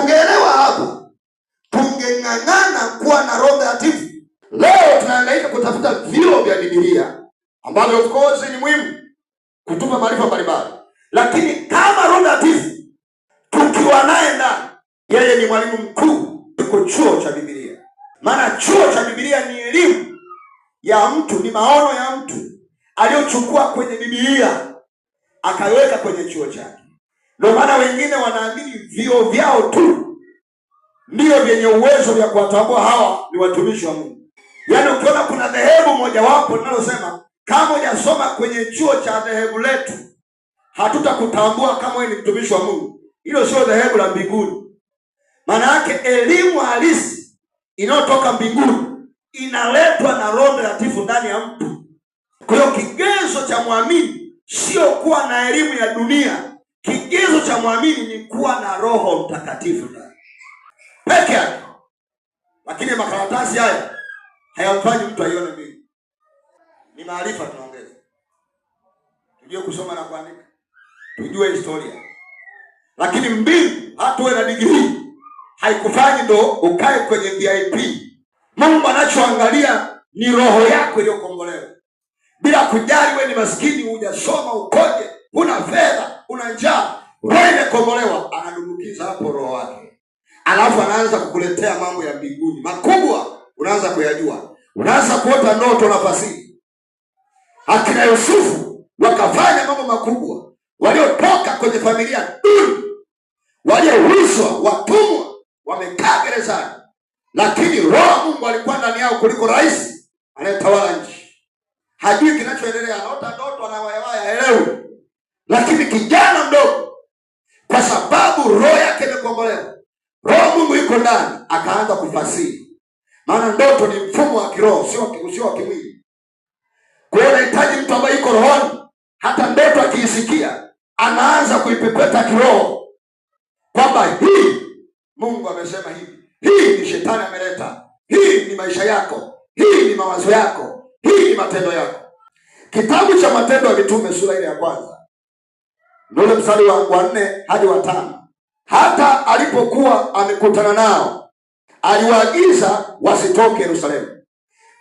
tungeelewa hapo tungeng'ang'ana kuwa na roho takatifu leo tunaangaika kutafuta vio vya bibilia ambavyo of course ni muhimu kutupa maarifa mbalimbali lakini kama roho takatifu tukiwa naye ndani yeye ni mwalimu mkuu tuko chuo cha bibilia maana chuo cha bibilia ni elimu ya mtu ni maono ya mtu aliyochukua kwenye bibilia akaweka kwenye chuo chake ndio maana wengine wanaamini vio vyao tu ndiyo vyenye uwezo vya kuwatambua hawa ni watumishi wa Mungu. Yaani ukiona kuna dhehebu mojawapo linalosema kama hujasoma kwenye chuo cha dhehebu letu hatutakutambua kama wewe ni mtumishi wa Mungu, hilo sio dhehebu la mbinguni. Maana yake elimu halisi inayotoka mbinguni inaletwa na Roho Mtakatifu ndani ya mtu. Kwa hiyo kigezo cha mwamini sio kuwa na elimu ya dunia cha mwamini ni kuwa na Roho Mtakatifu peke yake, lakini makaratasi haya hayamfanyi mtu aione mbili. Ni maarifa tunaongeza, tujue kusoma na kuandika, tujue historia, lakini mbili, hatuwe na digrii haikufanyi ndo ukae kwenye VIP. Mungu anachoangalia ni roho yako iliyokombolewa, bila kujali we ni maskini, hujasoma, ukoje, una fedha, una njaa roho imekombolewa, anadumukiza hapo roho wake, alafu anaanza kukuletea mambo ya mbinguni makubwa, unaanza kuyajua, unaanza kuota ndoto na fasiri. Akina Yusufu wakafanya mambo makubwa, waliotoka kwenye familia duni, waliouzwa, watumwa, wamekaa gerezani, lakini roho Mungu alikuwa ndani yao kuliko rais anayetawala nchi. Hajui kinachoendelea, anaota ndoto, anawayawaya, haelewi. Lakini kijana mdogo kwa sababu roho yake imekombolewa, roho Mungu yuko ndani, akaanza kufasiri. Maana ndoto ni mfumo wa kiroho, sio wa kimwili. Kwa hiyo mtu ambaye yuko rohoni, hata ndoto akiisikia anaanza kuipepeta kiroho, kwamba hii Mungu amesema hivi, hii ni shetani ameleta, hii ni maisha yako, hii ni mawazo yako, hii ni matendo yako. Kitabu cha Matendo ya Mitume sura ile ya kwanza ndio ule wa nne hadi wa tano. Hata alipokuwa amekutana nao, aliwaagiza wasitoke Yerusalemu,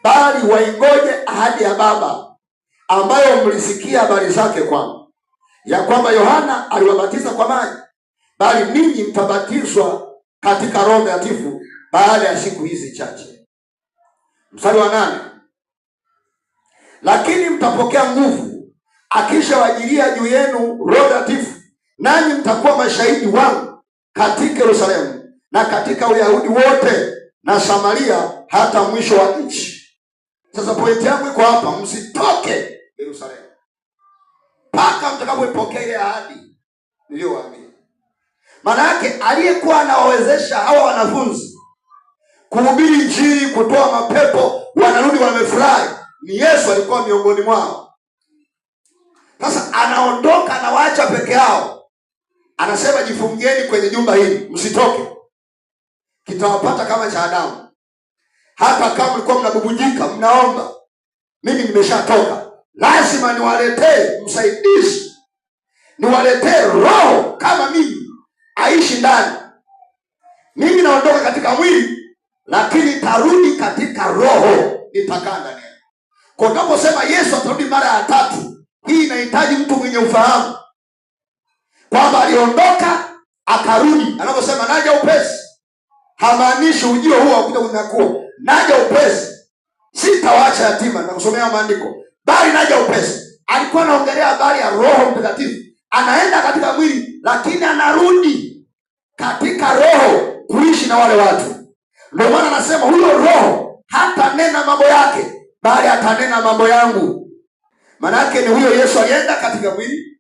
bali waingoje ahadi ya Baba ambayo mlisikia habari zake kwangu, ya kwamba Yohana aliwabatiza kwa maji, bali ninyi mtabatizwa katika Roho Mtakatifu baada ya siku hizi chache. Mstari wa nane, lakini mtapokea nguvu akishawajilia juu yenu Roho Mtakatifu, nanyi mtakuwa mashahidi wangu katika Yerusalemu na katika Uyahudi wote na Samaria hata mwisho wa nchi. Sasa pointi yangu iko hapa, msitoke Yerusalemu mpaka mtakapoipokea ile ahadi niliyowaambia. Maana yake aliyekuwa anawawezesha hawa wanafunzi kuhubiri Injili, kutoa mapepo, wanarudi wamefurahi, ni Yesu alikuwa miongoni mwao. Sasa anaondoka anawaacha peke yao, anasema jifungeni kwenye nyumba hili msitoke, kitawapata kama cha Adamu. Hata kama mlikuwa mnabubujika mnaomba, mimi nimeshatoka, lazima niwaletee msaidizi, niwaletee Roho kama mimi aishi ndani mimi. Naondoka katika mwili, lakini tarudi katika Roho, nitakaa ndani. Kwa unaposema Yesu atarudi mara ya tatu hii inahitaji mtu mwenye ufahamu kwamba aliondoka akarudi. Anaposema naja upesi, hamaanishi ujio huo akuja unyakuo. Naja upesi, sitawaacha yatima, nakusomea maandiko, bali naja upesi. Alikuwa anaongelea habari ya Roho Mtakatifu, anaenda katika mwili, lakini anarudi katika roho kuishi na wale watu. Ndio maana anasema huyo Roho hatanena mambo yake, bali atanena mambo yangu Manake ni huyo Yesu alienda katika mwili,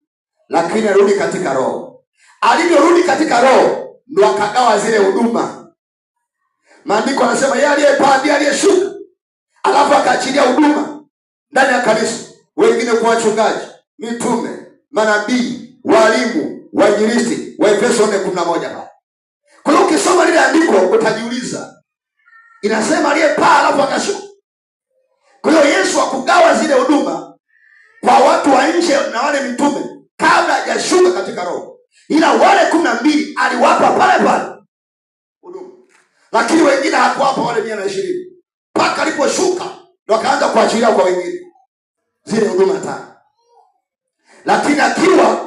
lakini arudi katika roho. Alivyorudi katika roho, ndo akagawa zile huduma. Maandiko anasema yeye aliyepaa ndiye aliyeshuka, alafu akaachilia huduma ndani ya kanisa, wengine kwa wachungaji, mitume, manabii, walimu, wainjilisti. Waefeso nne kumi na moja pale. Kwa hiyo ukisoma lile andiko utajiuliza, inasema aliyepaa alafu akashuka. Kwa hiyo Yesu akugawa zile huduma kwa watu wa nje na wale mitume kabla hajashuka katika roho, ila wale kumi na mbili aliwapa pale pale huduma, lakini wengine hakuwapa wale mia na ishirini mpaka aliposhuka ndo akaanza kuachilia kwa wengine zile huduma tano, lakini akiwa